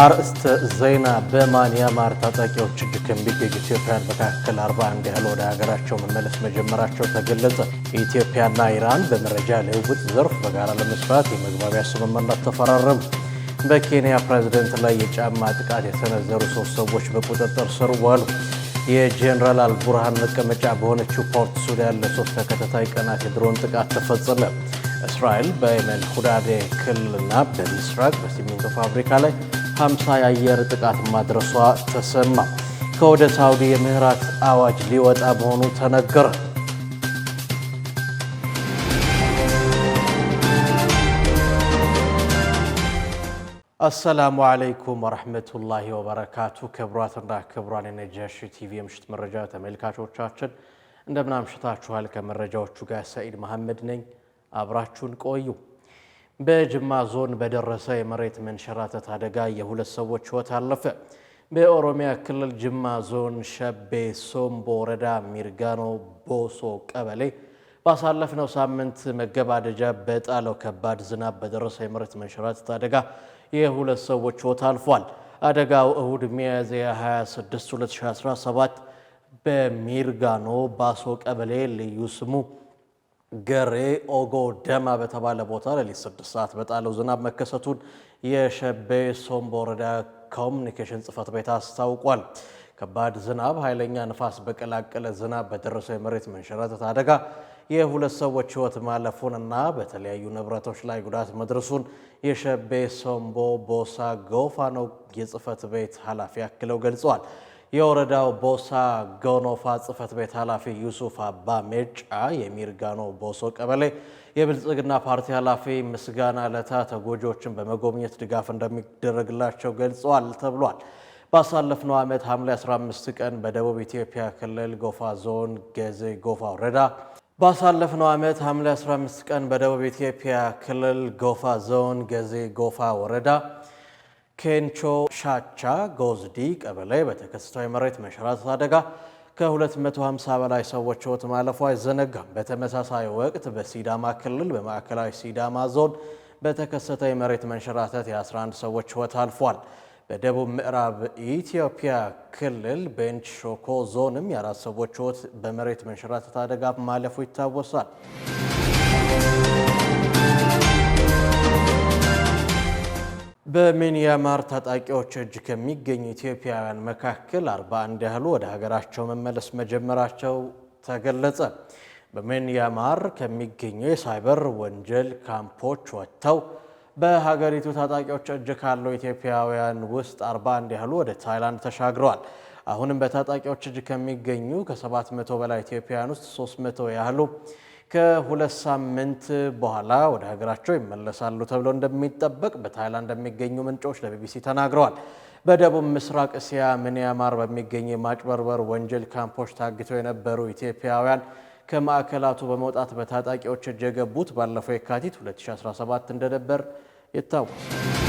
አርእስተ ዜና በማን የአማራ ታጣቂዎች እጅ ከሚገኙ ኢትዮጵያውያን መካከል 41 ያህል ወደ ሀገራቸው መመለስ መጀመራቸው ተገለጸ። ኢትዮጵያና ኢራን በመረጃ ልውውጥ ዘርፍ በጋራ ለመስራት የመግባቢያ ስምምነት ተፈራረሙ። በኬንያ ፕሬዝደንት ላይ የጫማ ጥቃት የሰነዘሩ ሶስት ሰዎች በቁጥጥር ስር ዋሉ። የጄኔራል አልቡርሃን መቀመጫ በሆነችው ፖርት ሱዳን ለሶስት ተከታታይ ቀናት የድሮን ጥቃት ተፈጸመ። እስራኤል በየመን ሁዳዴ ክልልና በምስራቅ በሲሚንቶ ፋብሪካ ላይ 50 የአየር ጥቃት ማድረሷ ተሰማ። ከወደ ሳውዲ የምህረት አዋጅ ሊወጣ መሆኑ ተነገረ። አሰላሙ አለይኩም ወረሕመቱላሂ ወበረካቱ። ክቡራትና ክቡራን የነጃሺ ቲቪ የምሽት መረጃ ተመልካቾቻችን እንደምን አምሽታችኋል? ከመረጃዎቹ ጋር ሰኢድ መሐመድ ነኝ። አብራችሁን ቆዩ። በጅማ ዞን በደረሰ የመሬት መንሸራተት አደጋ የሁለት ሰዎች ሕይወት አለፈ። በኦሮሚያ ክልል ጅማ ዞን ሸቤ ሶምቦ ወረዳ ሚርጋኖ ቦሶ ቀበሌ ባሳለፍነው ሳምንት መገባደጃ በጣለው ከባድ ዝናብ በደረሰ የመሬት መንሸራተት አደጋ የሁለት ሰዎች ሕይወት አልፏል። አደጋው እሁድ ሚያዝያ 26 2017 በሚርጋኖ ባሶ ቀበሌ ልዩ ስሙ ገሬ ኦጎ ደማ በተባለ ቦታ ለሊት ስድስት ሰዓት በጣለው ዝናብ መከሰቱን የሸቤ ሶምቦ ወረዳ ኮሚኒኬሽን ጽሕፈት ቤት አስታውቋል። ከባድ ዝናብ፣ ኃይለኛ ንፋስ በቀላቀለ ዝናብ በደረሰው የመሬት መንሸራተት አደጋ የሁለት ሰዎች ሕይወት ማለፉን እና በተለያዩ ንብረቶች ላይ ጉዳት መድረሱን የሸቤ ሶምቦ ቦሳ ጎፋኖ የጽህፈት ቤት ኃላፊ አክለው ገልጸዋል። የወረዳው ቦሳ ጎኖፋ ጽፈት ቤት ኃላፊ ዩሱፍ አባ ሜጫ የሚርጋኖ ቦሶ ቀበሌ የብልጽግና ፓርቲ ኃላፊ ምስጋና ለታ ተጎጂዎችን በመጎብኘት ድጋፍ እንደሚደረግላቸው ገልጸዋል ተብሏል። ባሳለፍነው ዓመት ሐምሌ 15 ቀን በደቡብ ኢትዮጵያ ክልል ጎፋ ዞን ገዜ ጎፋ ወረዳ ባሳለፍነው ዓመት ሐምሌ 15 ቀን በደቡብ ኢትዮጵያ ክልል ጎፋ ዞን ገዜ ጎፋ ወረዳ ኬንቾ ሻቻ ጎዝዲ ቀበሌ በተከሰተው የመሬት መንሸራተት አደጋ ከ250 በላይ ሰዎች ህይወት ማለፉ አይዘነጋም። በተመሳሳይ ወቅት በሲዳማ ክልል በማዕከላዊ ሲዳማ ዞን በተከሰተ የመሬት መንሸራተት የ11 ሰዎች ሕይወት አልፏል። በደቡብ ምዕራብ ኢትዮጵያ ክልል ቤንች ሾኮ ዞንም የአራት ሰዎች ህይወት በመሬት መንሸራተት አደጋ ማለፉ ይታወሳል። በሚኒያማር ታጣቂዎች እጅ ከሚገኙ ኢትዮጵያውያን መካከል 41 ያህሉ ወደ ሀገራቸው መመለስ መጀመራቸው ተገለጸ። በሚያንማር ከሚገኙ የሳይበር ወንጀል ካምፖች ወጥተው በሀገሪቱ ታጣቂዎች እጅ ካለው ኢትዮጵያውያን ውስጥ 41 ያህሉ ወደ ታይላንድ ተሻግረዋል። አሁንም በታጣቂዎች እጅ ከሚገኙ ከ700 በላይ ኢትዮጵያውያን ውስጥ 300 ያህሉ ከሁለት ሳምንት በኋላ ወደ ሀገራቸው ይመለሳሉ ተብሎ እንደሚጠበቅ በታይላንድ የሚገኙ ምንጮች ለቢቢሲ ተናግረዋል። በደቡብ ምስራቅ እስያ ምንያማር በሚገኝ የማጭበርበር ወንጀል ካምፖች ታግተው የነበሩ ኢትዮጵያውያን ከማዕከላቱ በመውጣት በታጣቂዎች እጅ የገቡት ባለፈው የካቲት 2017 እንደነበር ይታወሳል።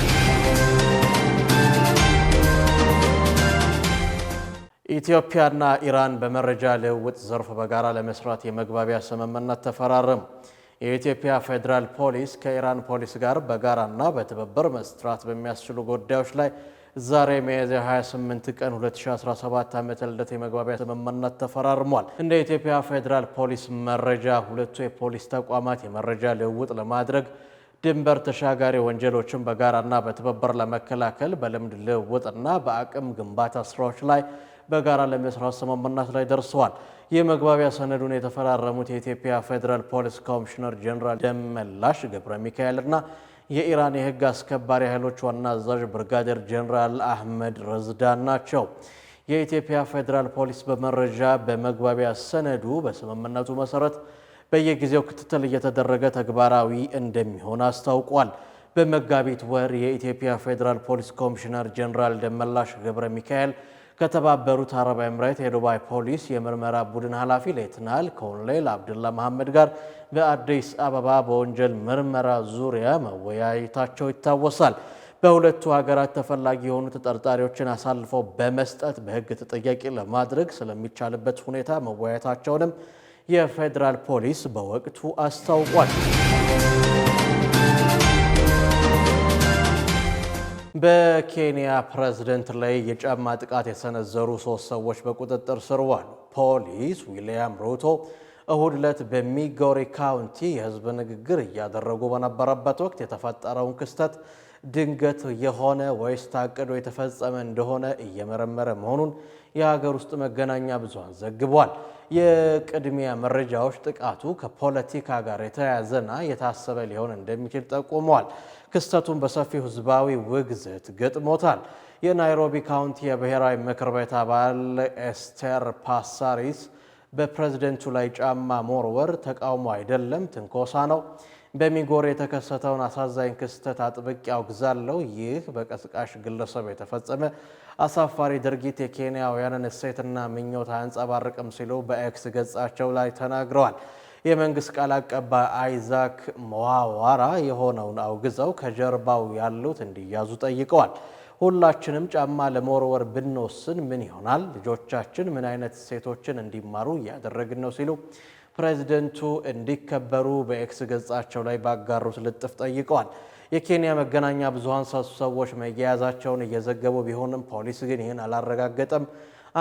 ኢትዮጵያና ኢራን በመረጃ ልውውጥ ዘርፍ በጋራ ለመስራት የመግባቢያ ስምምነት ተፈራረሙ። የኢትዮጵያ ፌዴራል ፖሊስ ከኢራን ፖሊስ ጋር በጋራና በትብብር መስራት በሚያስችሉ ጉዳዮች ላይ ዛሬ ሚያዝያ 28 ቀን 2017 ዓ.ም የመግባቢያ ስምምነት ተፈራርሟል። እንደ ኢትዮጵያ ፌዴራል ፖሊስ መረጃ ሁለቱ የፖሊስ ተቋማት የመረጃ ልውውጥ ለማድረግ ድንበር ተሻጋሪ ወንጀሎችን በጋራና በትብብር ለመከላከል በልምድ ልውውጥና በአቅም ግንባታ ስራዎች ላይ በጋራ ለመስራት ስምምነት ላይ ደርሰዋል። የመግባቢያ ሰነዱን የተፈራረሙት የኢትዮጵያ ፌዴራል ፖሊስ ኮሚሽነር ጀኔራል ደመላሽ ገብረ ሚካኤልና የኢራን የህግ አስከባሪ ኃይሎች ዋና አዛዥ ብርጋዴር ጀኔራል አህመድ ረዝዳን ናቸው። የኢትዮጵያ ፌዴራል ፖሊስ በመረጃ በመግባቢያ ሰነዱ በስምምነቱ መሰረት በየጊዜው ክትትል እየተደረገ ተግባራዊ እንደሚሆን አስታውቋል። በመጋቢት ወር የኢትዮጵያ ፌዴራል ፖሊስ ኮሚሽነር ጀኔራል ደመላሽ ገብረ ሚካኤል ከተባበሩት አረብ ኤምሬት የዱባይ ፖሊስ የምርመራ ቡድን ኃላፊ ሌትናል ኮሎኔል አብድላ መሐመድ ጋር በአዲስ አበባ በወንጀል ምርመራ ዙሪያ መወያየታቸው ይታወሳል። በሁለቱ ሀገራት ተፈላጊ የሆኑ ተጠርጣሪዎችን አሳልፈው በመስጠት በሕግ ተጠያቂ ለማድረግ ስለሚቻልበት ሁኔታ መወያየታቸውንም የፌዴራል ፖሊስ በወቅቱ አስታውቋል። በኬንያ ፕሬዝደንት ላይ የጫማ ጥቃት የሰነዘሩ ሶስት ሰዎች በቁጥጥር ስር ዋሉ። ፖሊስ ዊልያም ሩቶ እሁድ ዕለት በሚጎሪ ካውንቲ የህዝብ ንግግር እያደረጉ በነበረበት ወቅት የተፈጠረውን ክስተት ድንገት የሆነ ወይስ ታቅዶ የተፈጸመ እንደሆነ እየመረመረ መሆኑን የሀገር ውስጥ መገናኛ ብዙሃን ዘግቧል። የቅድሚያ መረጃዎች ጥቃቱ ከፖለቲካ ጋር የተያያዘና የታሰበ ሊሆን እንደሚችል ጠቁመዋል። ክስተቱን በሰፊው ህዝባዊ ውግዘት ገጥሞታል። የናይሮቢ ካውንቲ የብሔራዊ ምክር ቤት አባል ኤስቴር ፓሳሪስ በፕሬዝደንቱ ላይ ጫማ መወርወር ተቃውሞ አይደለም፣ ትንኮሳ ነው። በሚጎር የተከሰተውን አሳዛኝ ክስተት አጥብቅ አውግዛለሁ። ይህ በቀስቃሽ ግለሰብ የተፈጸመ አሳፋሪ ድርጊት የኬንያውያንን እሴትና ምኞት አያንጸባርቅም ሲሉ በኤክስ ገጻቸው ላይ ተናግረዋል። የመንግስት ቃል አቀባይ አይዛክ መዋዋራ የሆነውን አውግዘው ከጀርባው ያሉት እንዲያዙ ጠይቀዋል። ሁላችንም ጫማ ለመወርወር ብንወስን ምን ይሆናል? ልጆቻችን ምን አይነት ሴቶችን እንዲማሩ እያደረግን ነው? ሲሉ ፕሬዚደንቱ እንዲከበሩ በኤክስ ገጻቸው ላይ ባጋሩት ልጥፍ ጠይቀዋል። የኬንያ መገናኛ ብዙኃን ሰዎች መያያዛቸውን እየዘገቡ ቢሆንም ፖሊስ ግን ይህን አላረጋገጠም።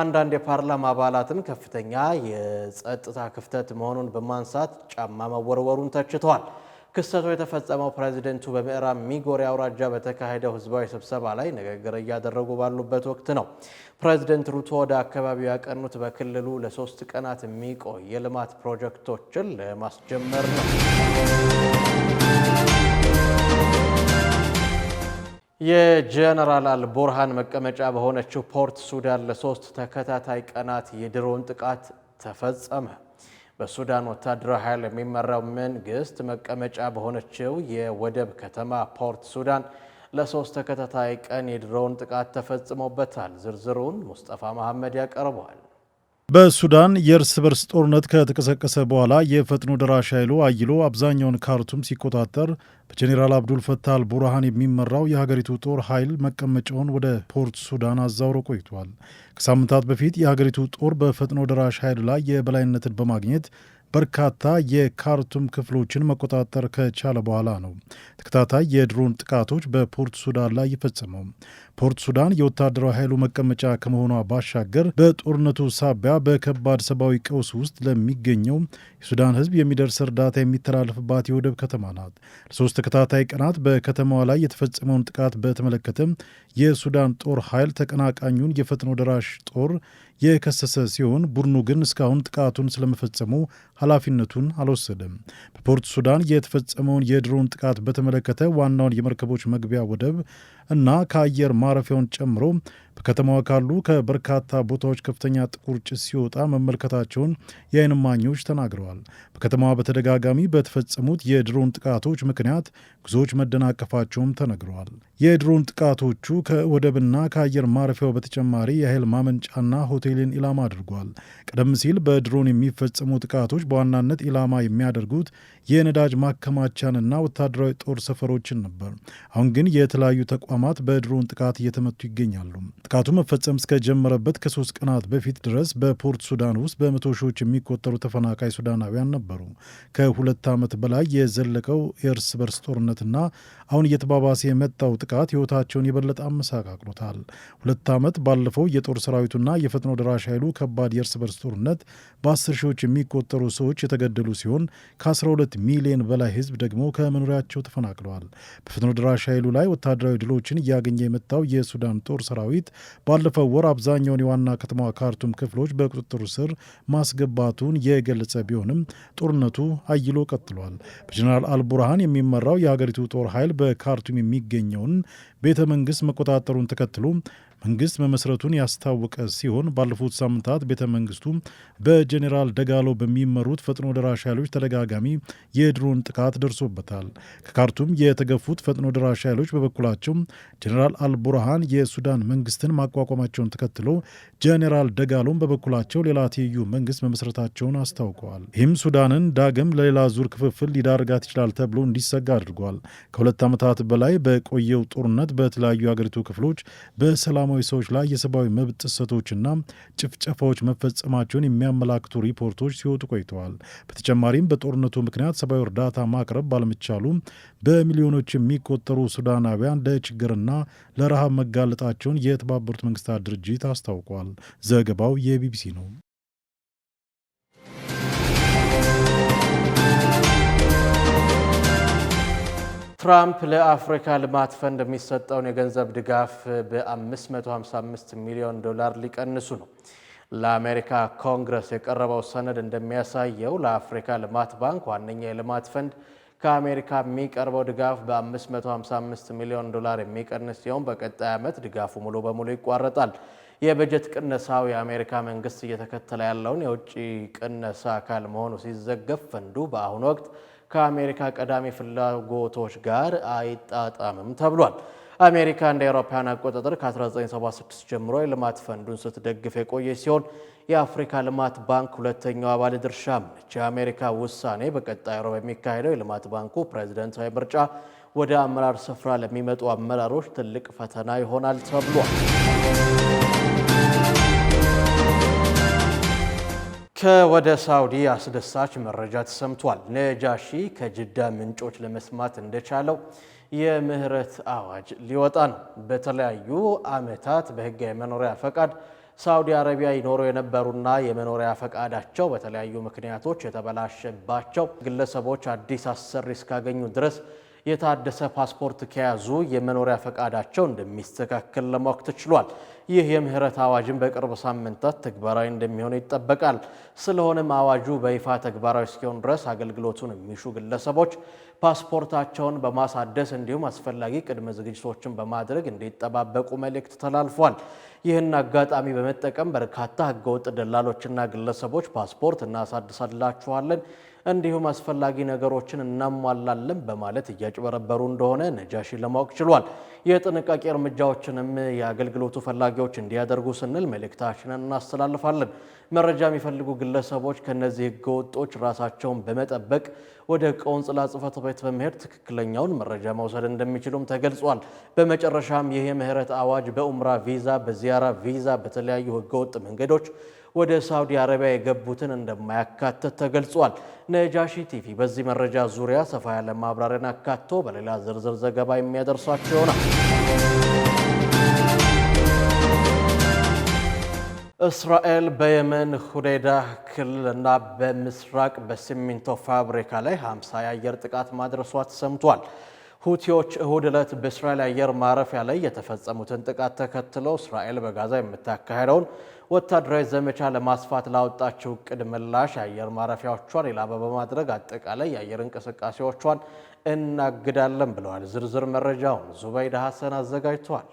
አንዳንድ የፓርላማ አባላትም ከፍተኛ የጸጥታ ክፍተት መሆኑን በማንሳት ጫማ መወርወሩን ተችተዋል። ክስተቱ የተፈጸመው ፕሬዚደንቱ በምዕራብ ሚጎሪ አውራጃ በተካሄደው ህዝባዊ ስብሰባ ላይ ንግግር እያደረጉ ባሉበት ወቅት ነው። ፕሬዚደንት ሩቶ ወደ አካባቢው ያቀኑት በክልሉ ለሶስት ቀናት የሚቆይ የልማት ፕሮጀክቶችን ለማስጀመር ነው። የጀነራል አልቦርሃን መቀመጫ በሆነችው ፖርት ሱዳን ለሶስት ተከታታይ ቀናት የድሮን ጥቃት ተፈጸመ። በሱዳን ወታደራዊ ኃይል የሚመራው መንግስት መቀመጫ በሆነችው የወደብ ከተማ ፖርት ሱዳን ለሶስት ተከታታይ ቀን የድሮን ጥቃት ተፈጽሞበታል። ዝርዝሩን ሙስጠፋ መሐመድ ያቀርበዋል። በሱዳን የእርስ በርስ ጦርነት ከተቀሰቀሰ በኋላ የፈጥኖ ደራሽ ኃይሉ አይሎ አብዛኛውን ካርቱም ሲቆጣጠር በጄኔራል አብዱል ፈታህ አል ቡርሃን የሚመራው የሀገሪቱ ጦር ኃይል መቀመጫውን ወደ ፖርት ሱዳን አዛውሮ ቆይቷል። ከሳምንታት በፊት የሀገሪቱ ጦር በፈጥኖ ደራሽ ኃይል ላይ የበላይነትን በማግኘት በርካታ የካርቱም ክፍሎችን መቆጣጠር ከቻለ በኋላ ነው ተከታታይ የድሮን ጥቃቶች በፖርት ሱዳን ላይ የፈጸመው። ፖርት ሱዳን የወታደራዊ ኃይሉ መቀመጫ ከመሆኗ ባሻገር በጦርነቱ ሳቢያ በከባድ ሰብአዊ ቀውስ ውስጥ ለሚገኘው የሱዳን ሕዝብ የሚደርስ እርዳታ የሚተላለፍባት የወደብ ከተማ ናት። ለሶስት ተከታታይ ቀናት በከተማዋ ላይ የተፈጸመውን ጥቃት በተመለከተም የሱዳን ጦር ኃይል ተቀናቃኙን የፈጥኖ ደራሽ ጦር የከሰሰ ሲሆን ቡድኑ ግን እስካሁን ጥቃቱን ስለመፈጸሙ ኃላፊነቱን አልወሰደም። በፖርት ሱዳን የተፈጸመውን የድሮን ጥቃት በተመለከተ ዋናውን የመርከቦች መግቢያ ወደብ እና ከአየር ማረፊያውን ጨምሮ በከተማዋ ካሉ ከበርካታ ቦታዎች ከፍተኛ ጥቁር ጭስ ሲወጣ መመልከታቸውን የዓይን እማኞች ተናግረዋል። በከተማዋ በተደጋጋሚ በተፈጸሙት የድሮን ጥቃቶች ምክንያት ጉዞዎች መደናቀፋቸውም ተነግረዋል። የድሮን ጥቃቶቹ ከወደብና ከአየር ማረፊያው በተጨማሪ የኃይል ማመንጫና ሆቴልን ኢላማ አድርጓል። ቀደም ሲል በድሮን የሚፈጸሙ ጥቃቶች በዋናነት ኢላማ የሚያደርጉት የነዳጅ ማከማቻንና ወታደራዊ ጦር ሰፈሮችን ነበር። አሁን ግን የተለያዩ ተቋማ ተቋማት በድሮን ጥቃት እየተመቱ ይገኛሉ። ጥቃቱ መፈጸም እስከጀመረበት ከሶስት ቀናት በፊት ድረስ በፖርት ሱዳን ውስጥ በመቶ ሺዎች የሚቆጠሩ ተፈናቃይ ሱዳናውያን ነበሩ። ከሁለት ዓመት በላይ የዘለቀው የእርስ በርስ ጦርነትና አሁን እየተባባሰ የመጣው ጥቃት ሕይወታቸውን የበለጠ አመሰቃቅሎታል። ሁለት ዓመት ባለፈው የጦር ሰራዊቱና የፈጥኖ ደራሽ ኃይሉ ከባድ የእርስ በርስ ጦርነት በአስር ሺዎች የሚቆጠሩ ሰዎች የተገደሉ ሲሆን ከ12 ሚሊዮን በላይ ሕዝብ ደግሞ ከመኖሪያቸው ተፈናቅለዋል። በፈጥኖ ደራሽ ኃይሉ ላይ ወታደራዊ ድሎችን እያገኘ የመጣው የሱዳን ጦር ሰራዊት ባለፈው ወር አብዛኛውን የዋና ከተማዋ ካርቱም ክፍሎች በቁጥጥሩ ስር ማስገባቱን የገለጸ ቢሆንም ጦርነቱ አይሎ ቀጥሏል። በጀኔራል አልቡርሃን የሚመራው የሀገሪቱ ጦር ኃይል በካርቱም የሚገኘውን ቤተ መንግስት መቆጣጠሩን ተከትሎ መንግስት መመስረቱን ያስታወቀ ሲሆን ባለፉት ሳምንታት ቤተ መንግስቱ በጄኔራል ደጋሎ በሚመሩት ፈጥኖ ደራሽ ኃይሎች ተደጋጋሚ የድሮን ጥቃት ደርሶበታል። ከካርቱም የተገፉት ፈጥኖ ደራሽ ኃይሎች በበኩላቸው ጄኔራል አልቡርሃን የሱዳን መንግስትን ማቋቋማቸውን ተከትሎ ጄኔራል ደጋሎም በበኩላቸው ሌላ ትይዩ መንግስት መመስረታቸውን አስታውቀዋል። ይህም ሱዳንን ዳግም ለሌላ ዙር ክፍፍል ሊዳርጋት ይችላል ተብሎ እንዲሰጋ አድርጓል። ከሁለት ዓመታት በላይ በቆየው ጦርነት በተለያዩ የአገሪቱ ክፍሎች በሰላም በሰላማዊ ሰዎች ላይ የሰብአዊ መብት ጥሰቶችና ጭፍጨፋዎች መፈጸማቸውን የሚያመላክቱ ሪፖርቶች ሲወጡ ቆይተዋል። በተጨማሪም በጦርነቱ ምክንያት ሰብአዊ እርዳታ ማቅረብ ባለመቻሉ በሚሊዮኖች የሚቆጠሩ ሱዳናውያን ለችግርና ለረሃብ መጋለጣቸውን የተባበሩት መንግስታት ድርጅት አስታውቋል። ዘገባው የቢቢሲ ነው። ትራምፕ ለአፍሪካ ልማት ፈንድ የሚሰጠውን የገንዘብ ድጋፍ በ555 ሚሊዮን ዶላር ሊቀንሱ ነው። ለአሜሪካ ኮንግረስ የቀረበው ሰነድ እንደሚያሳየው ለአፍሪካ ልማት ባንክ ዋነኛ የልማት ፈንድ ከአሜሪካ የሚቀርበው ድጋፍ በ555 ሚሊዮን ዶላር የሚቀንስ ሲሆን በቀጣይ ዓመት ድጋፉ ሙሉ በሙሉ ይቋረጣል። የበጀት ቅነሳው የአሜሪካ መንግስት እየተከተለ ያለውን የውጭ ቅነሳ አካል መሆኑ ሲዘገብ ፈንዱ በአሁኑ ወቅት ከአሜሪካ ቀዳሚ ፍላጎቶች ጋር አይጣጣምም ተብሏል። አሜሪካ እንደ አውሮፓውያን አቆጣጠር ከ1976 ጀምሮ የልማት ፈንዱን ስትደግፍ የቆየች ሲሆን የአፍሪካ ልማት ባንክ ሁለተኛው ባለ ድርሻም ነች። የአሜሪካ ውሳኔ በቀጣይ ሮብ የሚካሄደው የልማት ባንኩ ፕሬዚደንታዊ ምርጫ ወደ አመራር ስፍራ ለሚመጡ አመራሮች ትልቅ ፈተና ይሆናል ተብሏል። ከወደ ሳውዲ አስደሳች መረጃ ተሰምቷል። ነጃሺ ከጅዳ ምንጮች ለመስማት እንደቻለው የምህረት አዋጅ ሊወጣ ነው። በተለያዩ ዓመታት በህጋዊ መኖሪያ ፈቃድ ሳውዲ አረቢያ ይኖሩ የነበሩና የመኖሪያ ፈቃዳቸው በተለያዩ ምክንያቶች የተበላሸባቸው ግለሰቦች አዲስ አሰሪ እስካገኙ ድረስ የታደሰ ፓስፖርት ከያዙ የመኖሪያ ፈቃዳቸው እንደሚስተካከል ለማወቅ ተችሏል። ይህ የምህረት አዋጅን በቅርብ ሳምንታት ተግባራዊ እንደሚሆን ይጠበቃል። ስለሆነም አዋጁ በይፋ ተግባራዊ እስኪሆን ድረስ አገልግሎቱን የሚሹ ግለሰቦች ፓስፖርታቸውን በማሳደስ እንዲሁም አስፈላጊ ቅድመ ዝግጅቶችን በማድረግ እንዲጠባበቁ መልእክት ተላልፏል። ይህን አጋጣሚ በመጠቀም በርካታ ህገወጥ ደላሎችና ግለሰቦች ፓስፖርት እናሳድሳላችኋለን እንዲሁም አስፈላጊ ነገሮችን እናሟላለን በማለት እያጭበረበሩ እንደሆነ ነጃሺ ለማወቅ ችሏል። የጥንቃቄ እርምጃዎችንም የአገልግሎቱ ፈላጊዎች እንዲያደርጉ ስንል መልእክታችንን እናስተላልፋለን። መረጃ የሚፈልጉ ግለሰቦች ከነዚህ ህገወጦች ራሳቸውን በመጠበቅ ወደ ቆንጽላ ጽፈት ቤት በመሄድ ትክክለኛውን መረጃ መውሰድ እንደሚችሉም ተገልጿል። በመጨረሻም ይህ የምህረት አዋጅ በኡምራ ቪዛ፣ በዚያራ ቪዛ፣ በተለያዩ ህገወጥ መንገዶች ወደ ሳውዲ አረቢያ የገቡትን እንደማያካትት ተገልጿል። ነጃሺ ቲቪ በዚህ መረጃ ዙሪያ ሰፋ ያለ ማብራሪያን አካቶ በሌላ ዝርዝር ዘገባ የሚያደርሳቸው ይሆናል። እስራኤል በየመን ሁዴዳ ክልል እና በምስራቅ በሲሚንቶ ፋብሪካ ላይ 50 የአየር ጥቃት ማድረሷ ተሰምቷል። ሁቲዎች እሁድ ዕለት በእስራኤል አየር ማረፊያ ላይ የተፈጸሙትን ጥቃት ተከትለው እስራኤል በጋዛ የምታካሄደውን ወታደራዊ ዘመቻ ለማስፋት ላወጣችው እቅድ ምላሽ የአየር ማረፊያዎቿን ኢላማ በማድረግ አጠቃላይ የአየር እንቅስቃሴዎቿን እናግዳለን ብለዋል። ዝርዝር መረጃውን ዙበይዳ ሐሰን አዘጋጅተዋል።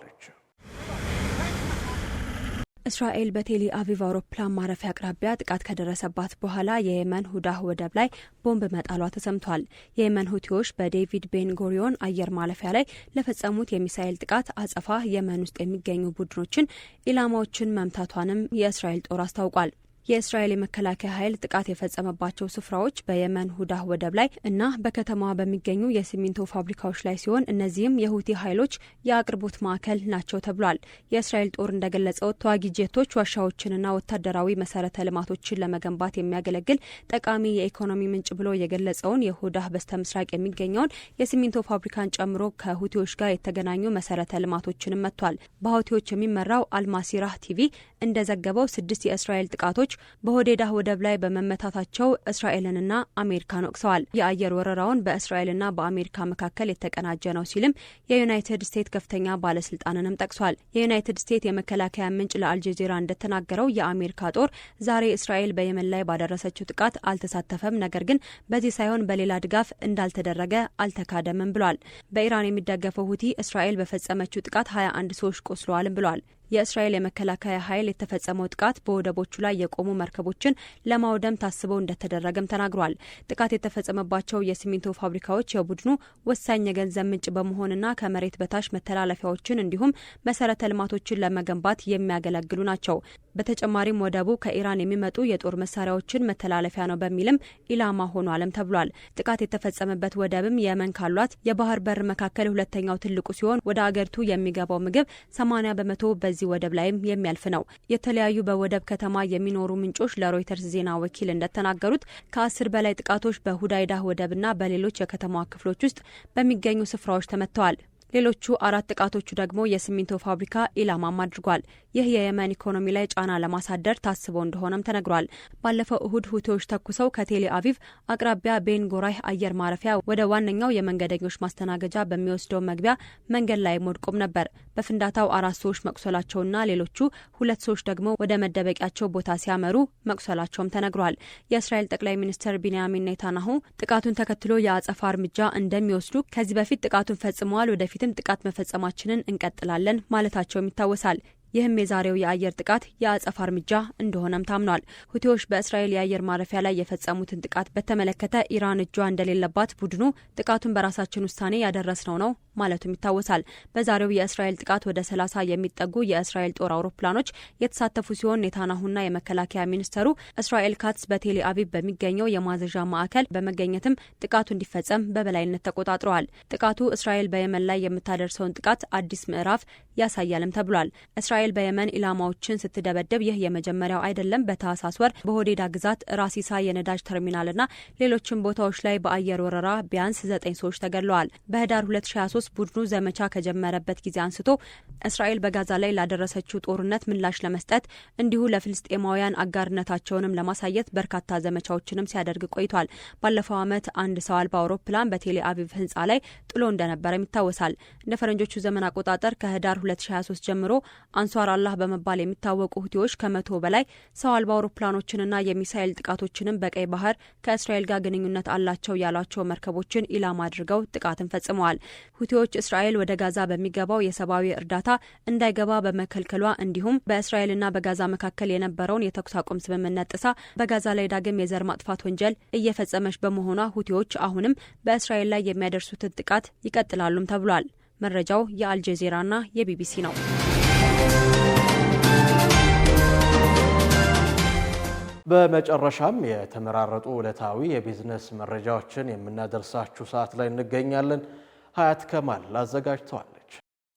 እስራኤል በቴሊ አቪቭ አውሮፕላን ማረፊያ አቅራቢያ ጥቃት ከደረሰባት በኋላ የየመን ሁዳህ ወደብ ላይ ቦምብ መጣሏ ተሰምቷል። የየመን ሁቲዎች በዴቪድ ቤን ጎሪዮን አየር ማለፊያ ላይ ለፈጸሙት የሚሳኤል ጥቃት አጸፋ የመን ውስጥ የሚገኙ ቡድኖችን ኢላማዎችን መምታቷንም የእስራኤል ጦር አስታውቋል። የእስራኤል የመከላከያ ኃይል ጥቃት የፈጸመባቸው ስፍራዎች በየመን ሁዳህ ወደብ ላይ እና በከተማዋ በሚገኙ የሲሚንቶ ፋብሪካዎች ላይ ሲሆን እነዚህም የሁቲ ኃይሎች የአቅርቦት ማዕከል ናቸው ተብሏል። የእስራኤል ጦር እንደገለጸው ተዋጊ ጄቶች ዋሻዎችንና ወታደራዊ መሰረተ ልማቶችን ለመገንባት የሚያገለግል ጠቃሚ የኢኮኖሚ ምንጭ ብሎ የገለጸውን የሁዳህ በስተ ምስራቅ የሚገኘውን የሲሚንቶ ፋብሪካን ጨምሮ ከሁቲዎች ጋር የተገናኙ መሰረተ ልማቶችንም መጥቷል። በሁቲዎች የሚመራው አልማሲራህ ቲቪ እንደዘገበው ስድስት የእስራኤል ጥቃቶች ሚሳይሎች በሆዴዳ ወደብ ላይ በመመታታቸው እስራኤልንና አሜሪካን ወቅሰዋል። የአየር ወረራውን በእስራኤልና በአሜሪካ መካከል የተቀናጀ ነው ሲልም የዩናይትድ ስቴትስ ከፍተኛ ባለስልጣንንም ጠቅሷል። የዩናይትድ ስቴትስ የመከላከያ ምንጭ ለአልጀዚራ እንደተናገረው የአሜሪካ ጦር ዛሬ እስራኤል በየመን ላይ ባደረሰችው ጥቃት አልተሳተፈም፣ ነገር ግን በዚህ ሳይሆን በሌላ ድጋፍ እንዳልተደረገ አልተካደምም ብሏል። በኢራን የሚደገፈው ሁቲ እስራኤል በፈጸመችው ጥቃት ሀያ አንድ ሰዎች ቆስለዋልም ብሏል። የእስራኤል የመከላከያ ኃይል የተፈጸመው ጥቃት በወደቦቹ ላይ የቆሙ መርከቦችን ለማውደም ታስቦ እንደተደረገም ተናግሯል። ጥቃት የተፈጸመባቸው የሲሚንቶ ፋብሪካዎች የቡድኑ ወሳኝ የገንዘብ ምንጭ በመሆንና ከመሬት በታች መተላለፊያዎችን እንዲሁም መሰረተ ልማቶችን ለመገንባት የሚያገለግሉ ናቸው። በተጨማሪም ወደቡ ከኢራን የሚመጡ የጦር መሳሪያዎችን መተላለፊያ ነው በሚልም ኢላማ ሆኗልም ተብሏል። ጥቃት የተፈጸመበት ወደብም የመን ካሏት የባህር በር መካከል ሁለተኛው ትልቁ ሲሆን ወደ አገሪቱ የሚገባው ምግብ 80 በመቶ በዚህ ወደብ ላይም የሚያልፍ ነው። የተለያዩ በወደብ ከተማ የሚኖሩ ምንጮች ለሮይተርስ ዜና ወኪል እንደተናገሩት ከአስር በላይ ጥቃቶች በሁዳይዳ ወደብና በሌሎች የከተማዋ ክፍሎች ውስጥ በሚገኙ ስፍራዎች ተመጥተዋል። ሌሎቹ አራት ጥቃቶቹ ደግሞ የሲሚንቶ ፋብሪካ ኢላማም አድርጓል። ይህ የየመን ኢኮኖሚ ላይ ጫና ለማሳደር ታስቦ እንደሆነም ተነግሯል። ባለፈው እሁድ ሁቴዎች ተኩሰው ከቴሌ አቪቭ አቅራቢያ ቤን ጎራይህ አየር ማረፊያ ወደ ዋነኛው የመንገደኞች ማስተናገጃ በሚወስደው መግቢያ መንገድ ላይ ወድቆም ነበር። በፍንዳታው አራት ሰዎች መቁሰላቸውና ሌሎቹ ሁለት ሰዎች ደግሞ ወደ መደበቂያቸው ቦታ ሲያመሩ መቁሰላቸውም ተነግሯል። የእስራኤል ጠቅላይ ሚኒስትር ቢንያሚን ኔታናሁ ጥቃቱን ተከትሎ የአጸፋ እርምጃ እንደሚወስዱ ከዚህ በፊት ጥቃቱን ፈጽመዋል ወደፊት ወደፊትም ጥቃት መፈጸማችንን እንቀጥላለን ማለታቸውም ይታወሳል። ይህም የዛሬው የአየር ጥቃት የአጸፋ እርምጃ እንደሆነም ታምኗል። ሁቴዎች በእስራኤል የአየር ማረፊያ ላይ የፈጸሙትን ጥቃት በተመለከተ ኢራን እጇ እንደሌለባት ቡድኑ ጥቃቱን በራሳችን ውሳኔ ያደረስነው ነው ማለቱም ይታወሳል። በዛሬው የእስራኤል ጥቃት ወደ ሰላሳ የሚጠጉ የእስራኤል ጦር አውሮፕላኖች የተሳተፉ ሲሆን ኔታናሁና የመከላከያ ሚኒስተሩ እስራኤል ካትስ በቴሌ አቪቭ በሚገኘው የማዘዣ ማዕከል በመገኘትም ጥቃቱ እንዲፈጸም በበላይነት ተቆጣጥረዋል። ጥቃቱ እስራኤል በየመን ላይ የምታደርሰውን ጥቃት አዲስ ምዕራፍ ያሳያልም ተብሏል። እስራኤል በየመን ኢላማዎችን ስትደበደብ ይህ የመጀመሪያው አይደለም። በታህሳስ ወር በሆዴዳ ግዛት ራሲሳ የነዳጅ ተርሚናልና ሌሎችም ቦታዎች ላይ በአየር ወረራ ቢያንስ ዘጠኝ ሰዎች ተገድለዋል። በህዳር 2023 ቡድኑ ዘመቻ ከጀመረበት ጊዜ አንስቶ እስራኤል በጋዛ ላይ ላደረሰችው ጦርነት ምላሽ ለመስጠት እንዲሁ ለፍልስጤማውያን አጋርነታቸውንም ለማሳየት በርካታ ዘመቻዎችንም ሲያደርግ ቆይቷል። ባለፈው ዓመት አንድ ሰው አልባ አውሮፕላን በቴሌ አቪቭ ህንጻ ላይ ጥሎ እንደነበረም ይታወሳል። እንደ ፈረንጆቹ ዘመን አቆጣጠር ከህዳር 2023 ጀምሮ አንሷር አላህ በመባል የሚታወቁ ሁቲዎች ከመቶ በላይ ሰው አልባ አውሮፕላኖችንና የሚሳኤል ጥቃቶችንም በቀይ ባህር ከእስራኤል ጋር ግንኙነት አላቸው ያሏቸው መርከቦችን ኢላማ አድርገው ጥቃትን ፈጽመዋል። ሁቲዎች እስራኤል ወደ ጋዛ በሚገባው የሰብአዊ እርዳታ እንዳይገባ በመከልከሏ እንዲሁም በእስራኤልና በጋዛ መካከል የነበረውን የተኩስ አቁም ስምምነት ጥሳ በጋዛ ላይ ዳግም የዘር ማጥፋት ወንጀል እየፈጸመች በመሆኗ ሁቲዎች አሁንም በእስራኤል ላይ የሚያደርሱትን ጥቃት ይቀጥላሉም ተብሏል። መረጃው የአልጀዚራና የቢቢሲ ነው። በመጨረሻም የተመራረጡ ዕለታዊ የቢዝነስ መረጃዎችን የምናደርሳችሁ ሰዓት ላይ እንገኛለን። ሀያት ከማል አዘጋጅተዋል።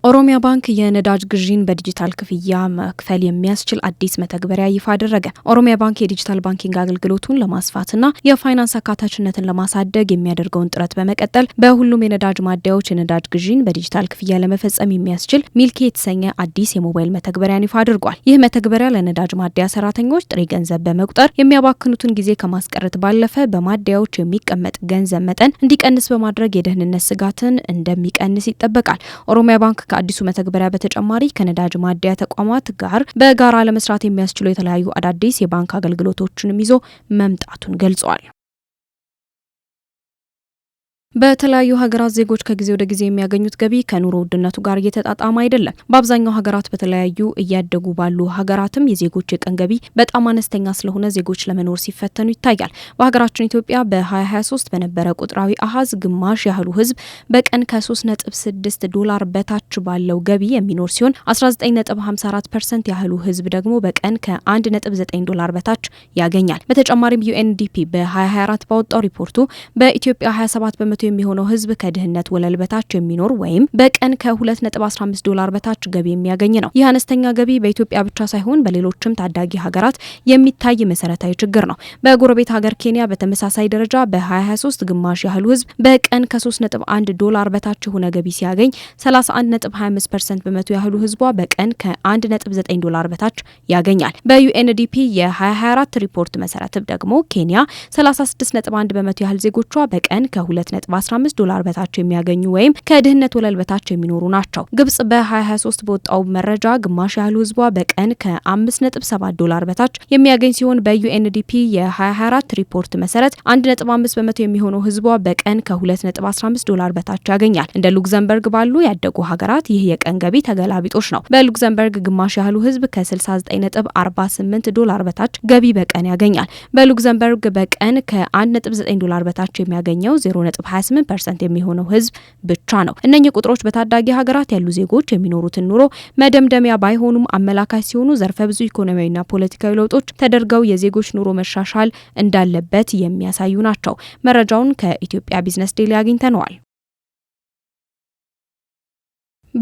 ኦሮሚያ ባንክ የነዳጅ ግዢን በዲጂታል ክፍያ መክፈል የሚያስችል አዲስ መተግበሪያ ይፋ አደረገ። ኦሮሚያ ባንክ የዲጂታል ባንኪንግ አገልግሎቱን ለማስፋትና የፋይናንስ አካታችነትን ለማሳደግ የሚያደርገውን ጥረት በመቀጠል በሁሉም የነዳጅ ማደያዎች የነዳጅ ግዢን በዲጂታል ክፍያ ለመፈጸም የሚያስችል ሚልኬ የተሰኘ አዲስ የሞባይል መተግበሪያን ይፋ አድርጓል። ይህ መተግበሪያ ለነዳጅ ማደያ ሰራተኞች ጥሬ ገንዘብ በመቁጠር የሚያባክኑትን ጊዜ ከማስቀረት ባለፈ በማደያዎች የሚቀመጥ ገንዘብ መጠን እንዲቀንስ በማድረግ የደህንነት ስጋትን እንደሚቀንስ ይጠበቃል። ኦሮሚያ ባንክ ከአዲሱ መተግበሪያ በተጨማሪ ከነዳጅ ማደያ ተቋማት ጋር በጋራ ለመስራት የሚያስችሉ የተለያዩ አዳዲስ የባንክ አገልግሎቶችንም ይዞ መምጣቱን ገልጿል። በተለያዩ ሀገራት ዜጎች ከጊዜ ወደ ጊዜ የሚያገኙት ገቢ ከኑሮ ውድነቱ ጋር እየተጣጣመ አይደለም። በአብዛኛው ሀገራት በተለያዩ እያደጉ ባሉ ሀገራትም የዜጎች የቀን ገቢ በጣም አነስተኛ ስለሆነ ዜጎች ለመኖር ሲፈተኑ ይታያል። በሀገራችን ኢትዮጵያ በ2023 በነበረ ቁጥራዊ አሀዝ ግማሽ ያህሉ ህዝብ በቀን ከ3.6 ዶላር በታች ባለው ገቢ የሚኖር ሲሆን 19.54 ፐርሰንት ያህሉ ህዝብ ደግሞ በቀን ከ1.9 ዶላር በታች ያገኛል። በተጨማሪም ዩኤንዲፒ በ2024 ባወጣው ሪፖርቱ በኢትዮጵያ 27 በመቶ የሚሆነው ህዝብ ከድህነት ወለል በታች የሚኖር ወይም በቀን ከ2.15 ዶላር በታች ገቢ የሚያገኝ ነው። ይህ አነስተኛ ገቢ በኢትዮጵያ ብቻ ሳይሆን በሌሎችም ታዳጊ ሀገራት የሚታይ መሰረታዊ ችግር ነው። በጎረቤት ሀገር ኬንያ በተመሳሳይ ደረጃ በ2023 ግማሽ ያህሉ ህዝብ በቀን ከ3.1 ዶላር በታች የሆነ ገቢ ሲያገኝ 31.25 በመቶ ያህሉ ህዝቧ በቀን ከ1.9 ዶላር በታች ያገኛል። በዩኤንዲፒ የ2024 ሪፖርት መሰረትም ደግሞ ኬንያ 36.1 በመቶ ያህል ዜጎቿ በቀን ከ2 በ15 ዶላር በታች የሚያገኙ ወይም ከድህነት ወለል በታች የሚኖሩ ናቸው። ግብጽ በ2023 በወጣው መረጃ ግማሽ ያህሉ ህዝቧ በቀን ከ5.7 ዶላር በታች የሚያገኝ ሲሆን በዩኤንዲፒ የ2024 ሪፖርት መሰረት 1.5 በመቶ የሚሆነው ህዝቧ በቀን ከ2.15 ዶላር በታች ያገኛል። እንደ ሉክዘምበርግ ባሉ ያደጉ ሀገራት ይህ የቀን ገቢ ተገላቢጦች ነው። በሉክዘምበርግ ግማሽ ያህሉ ህዝብ ከ69.48 ዶላር በታች ገቢ በቀን ያገኛል። በሉክዘምበርግ በቀን ከ1.9 ዶላር በታች የሚያገኘው 28 ፐርሰንት የሚሆነው ህዝብ ብቻ ነው። እነኚህ ቁጥሮች በታዳጊ ሀገራት ያሉ ዜጎች የሚኖሩትን ኑሮ መደምደሚያ ባይሆኑም አመላካች ሲሆኑ ዘርፈ ብዙ ኢኮኖሚያዊና ፖለቲካዊ ለውጦች ተደርገው የዜጎች ኑሮ መሻሻል እንዳለበት የሚያሳዩ ናቸው። መረጃውን ከኢትዮጵያ ቢዝነስ ዴይሊ አግኝተነዋል።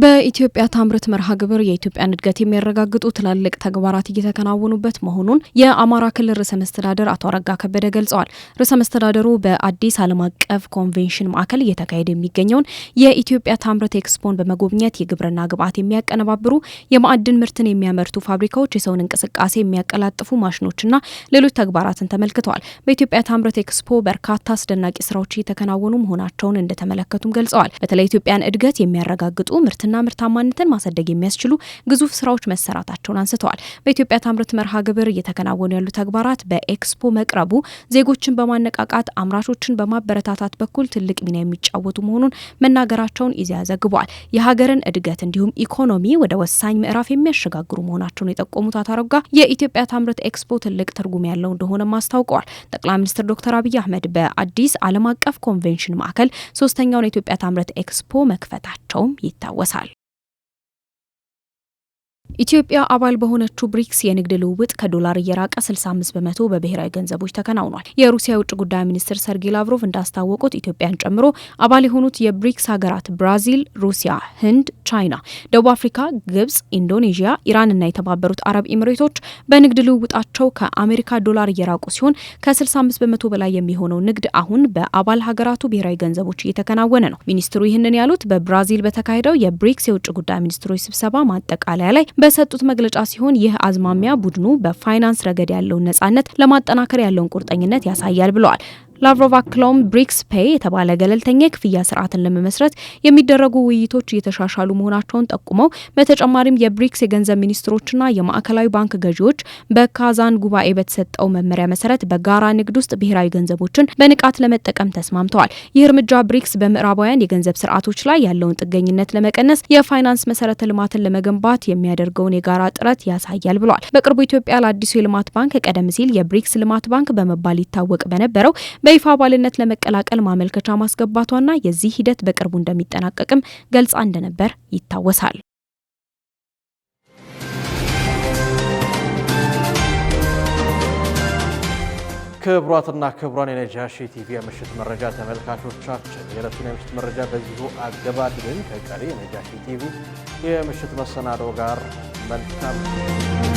በኢትዮጵያ ታምርት መርሃ ግብር የኢትዮጵያን እድገት የሚያረጋግጡ ትላልቅ ተግባራት እየተከናወኑበት መሆኑን የአማራ ክልል ርዕሰ መስተዳደር አቶ አረጋ ከበደ ገልጸዋል። ርዕሰ መስተዳደሩ በአዲስ ዓለም አቀፍ ኮንቬንሽን ማዕከል እየተካሄደ የሚገኘውን የኢትዮጵያ ታምርት ኤክስፖን በመጎብኘት የግብርና ግብዓት የሚያቀነባብሩ፣ የማዕድን ምርትን የሚያመርቱ ፋብሪካዎች፣ የሰውን እንቅስቃሴ የሚያቀላጥፉ ማሽኖችና ሌሎች ተግባራትን ተመልክተዋል። በኢትዮጵያ ታምርት ኤክስፖ በርካታ አስደናቂ ስራዎች እየተከናወኑ መሆናቸውን እንደተመለከቱም ገልጸዋል። በተለይ ኢትዮጵያን እድገት የሚያረጋግጡ ምርት ምርትና ምርታማነትን ማሳደግ የሚያስችሉ ግዙፍ ስራዎች መሰራታቸውን አንስተዋል። በኢትዮጵያ ታምርት መርሃ ግብር እየተከናወኑ ያሉ ተግባራት በኤክስፖ መቅረቡ ዜጎችን በማነቃቃት አምራቾችን በማበረታታት በኩል ትልቅ ሚና የሚጫወቱ መሆኑን መናገራቸውን ኢዜአ ዘግቧል። የሀገርን እድገት እንዲሁም ኢኮኖሚ ወደ ወሳኝ ምዕራፍ የሚያሸጋግሩ መሆናቸውን የጠቆሙት አቶ አረጋ የኢትዮጵያ ታምርት ኤክስፖ ትልቅ ትርጉም ያለው እንደሆነም አስታውቀዋል። ጠቅላይ ሚኒስትር ዶክተር አብይ አህመድ በአዲስ ዓለም አቀፍ ኮንቬንሽን ማዕከል ሶስተኛውን የኢትዮጵያ ታምርት ኤክስፖ መክፈታቸውም ይታወሳል። sal. ኢትዮጵያ አባል በሆነችው ብሪክስ የንግድ ልውውጥ ከዶላር እየራቀ 65 በመቶ በብሔራዊ ገንዘቦች ተከናውኗል። የሩሲያ የውጭ ጉዳይ ሚኒስትር ሰርጌይ ላቭሮቭ እንዳስታወቁት ኢትዮጵያን ጨምሮ አባል የሆኑት የብሪክስ ሀገራት ብራዚል፣ ሩሲያ፣ ህንድ፣ ቻይና፣ ደቡብ አፍሪካ፣ ግብጽ፣ ኢንዶኔዥያ፣ እና የተባበሩት አረብ ኤምሬቶች በንግድ ልውውጣቸው ከአሜሪካ ዶላር እየራቁ ሲሆን ከ65 በመቶ በላይ የሚሆነው ንግድ አሁን በአባል ሀገራቱ ብሔራዊ ገንዘቦች እየተከናወነ ነው። ሚኒስትሩ ይህንን ያሉት በብራዚል በተካሄደው የብሪክስ የውጭ ጉዳይ ሚኒስትሮች ስብሰባ ማጠቃለያ ላይ የሰጡት መግለጫ ሲሆን ይህ አዝማሚያ ቡድኑ በፋይናንስ ረገድ ያለውን ነጻነት ለማጠናከር ያለውን ቁርጠኝነት ያሳያል ብለዋል። ላቭሮቭ አክለውም ብሪክስ ፔይ የተባለ ገለልተኛ የክፍያ ስርዓትን ለመመስረት የሚደረጉ ውይይቶች እየተሻሻሉ መሆናቸውን ጠቁመው በተጨማሪም የብሪክስ የገንዘብ ሚኒስትሮችና የማዕከላዊ ባንክ ገዢዎች በካዛን ጉባኤ በተሰጠው መመሪያ መሰረት በጋራ ንግድ ውስጥ ብሔራዊ ገንዘቦችን በንቃት ለመጠቀም ተስማምተዋል። ይህ እርምጃ ብሪክስ በምዕራባውያን የገንዘብ ስርዓቶች ላይ ያለውን ጥገኝነት ለመቀነስ፣ የፋይናንስ መሰረተ ልማትን ለመገንባት የሚያደርገውን የጋራ ጥረት ያሳያል ብለዋል። በቅርቡ ኢትዮጵያ ለአዲሱ የልማት ባንክ ቀደም ሲል የብሪክስ ልማት ባንክ በመባል ይታወቅ በነበረው በይፋ አባልነት ለመቀላቀል ማመልከቻ ማስገባቷና የዚህ ሂደት በቅርቡ እንደሚጠናቀቅም ገልጻ እንደነበር ይታወሳል። ክቡራትና ክቡራን የነጃሺ ቲቪ የምሽት መረጃ ተመልካቾቻችን የዕለቱን የምሽት መረጃ በዚሁ አገባድልን። ከቀሪ የነጃሺ ቲቪ የምሽት መሰናዶ ጋር መልካም